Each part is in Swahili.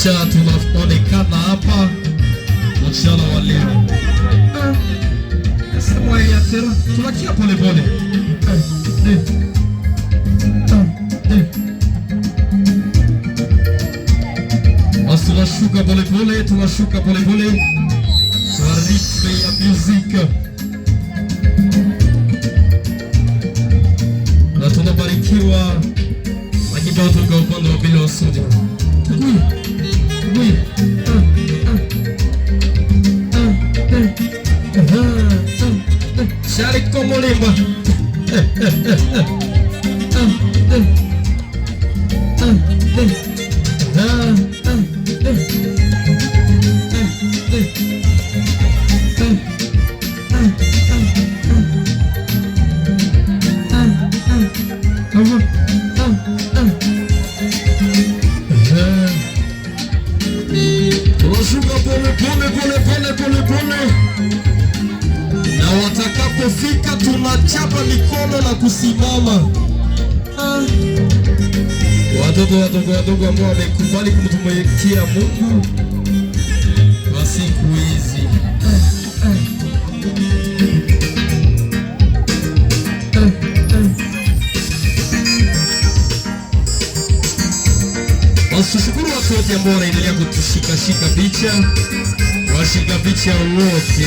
Teatrulaftane kanapa Uçala valero Essa boia ia ser Tula aqui a polebole Mas tula shuka polebole Tula shuka polebole Tula ritme a musica Na tula barikiwa Aqui bota o galpão do bilhão sujo Tranquilo Shaliko Mulima tunachapa mikono na kusimama. Watoto wadogo wadogo ambao wamekubali kumtumikia Mungu kwa siku hizi Tushukuru watu wote ambao wanaendelea kutushikashika picha, washika picha wote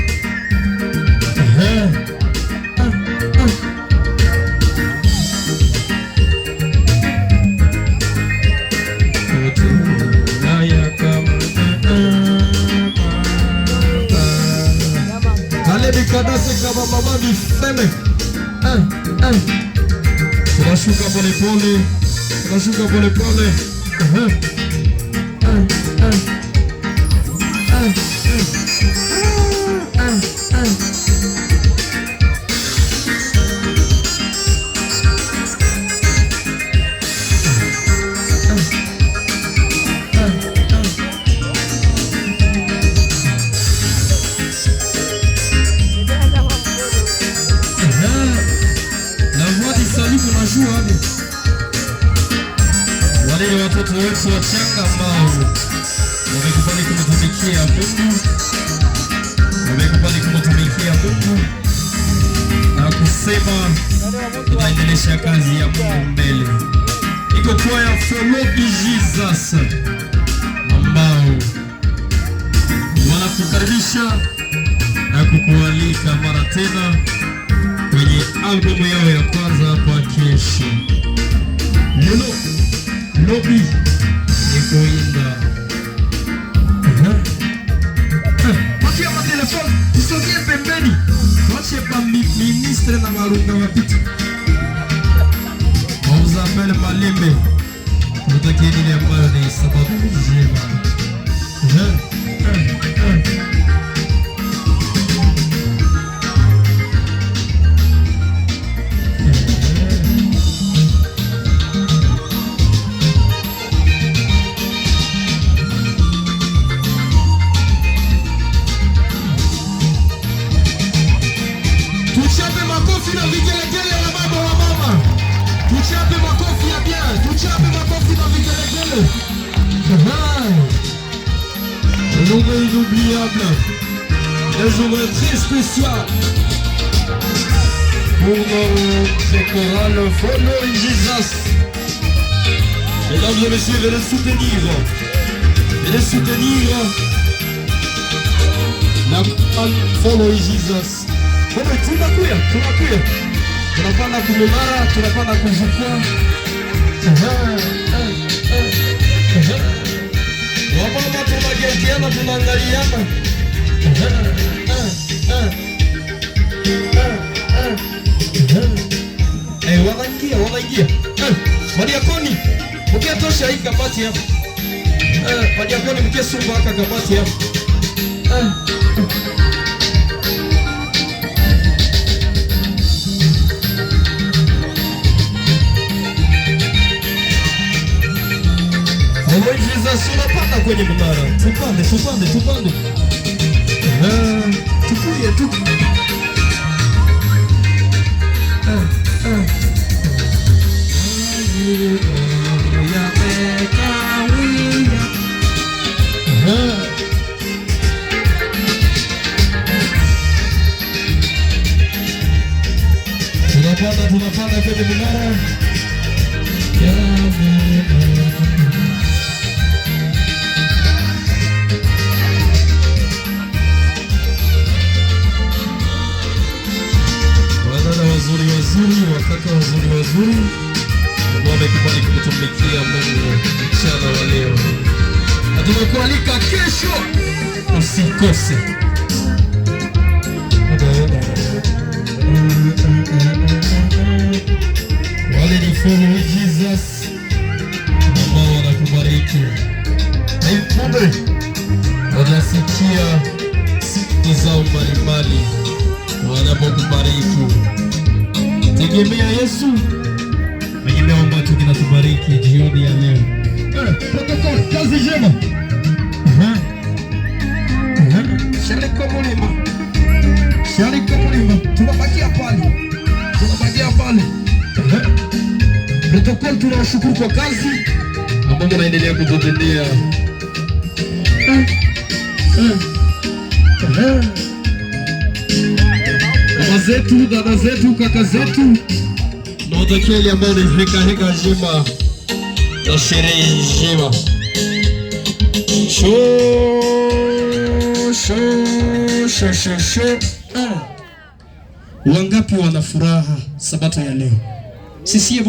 Seme eh, eh. tunashuka polepole, tunashuka polepole. Eh, shughuli. Walele watoto wetu wachanga ambao wamekubali kumtumikia Mungu, wamekubali kumtumikia Mungu na kusema tunaendelesha kazi ya Mungu mbele. Iko kwa ya Follow Jesus ambao wanakukaribisha na kukualika mara tena kwenye albamu yao ya kwanza hapa situation lelo lobi ekoyinda batia eh, batelefone bisoki epembeni bacepa ministre na balunga bapiti ozabele malembe otakienile ambayo na isababu jeba Harusi na vigelegele ya baba wa mama. Tuchape makofi ya bien, tuchape makofi na vigelegele. Un jour inoubliable, un jour très spécial. Pour notre chorale Following Jesus. Mesdames et messieurs, je vais venez soutenir. Je vais Venez soutenir. La Following Jesus. tuna kuya, tuna kuya. Tunapanda kumimara, tunapanda kuzikua. Wamama tunageukiana, tunaangaliana. Eh, wanaingia, wanaingia. Wadiakoni, mkia tosha hii kabati hapa. Wadiakoni, mkia sumba haka kabati hapa. Jesus, unapanda kwenye mnara, tupande tupande tupande, tukuye tu tunapanda tunapanda kwenye mnara room. Mwame kubali kutumikia Mungu mchana wa leo, na tunakualika kesho, usikose. Wale ni follow Jesus, ambao wanakubariki aikumbe, wanasikia siku zao mbalimbali wanapokubariki tegemea Yesu. Tegemea ambacho kinatubariki jioni ya leo. Eh, kazi njema. Sharika mulima. Sharika mulima. Tunabakia pale. Tunabakia Protokol, tunawashukuru kwa kazi ambayo naendelea kututendea. Eh. Eh mama zetu, dada zetu, kaka zetu na watakeli ambao ni heka heka nzima na sherehe nzima eh. wangapi wana furaha Sabato ya leo? Sisi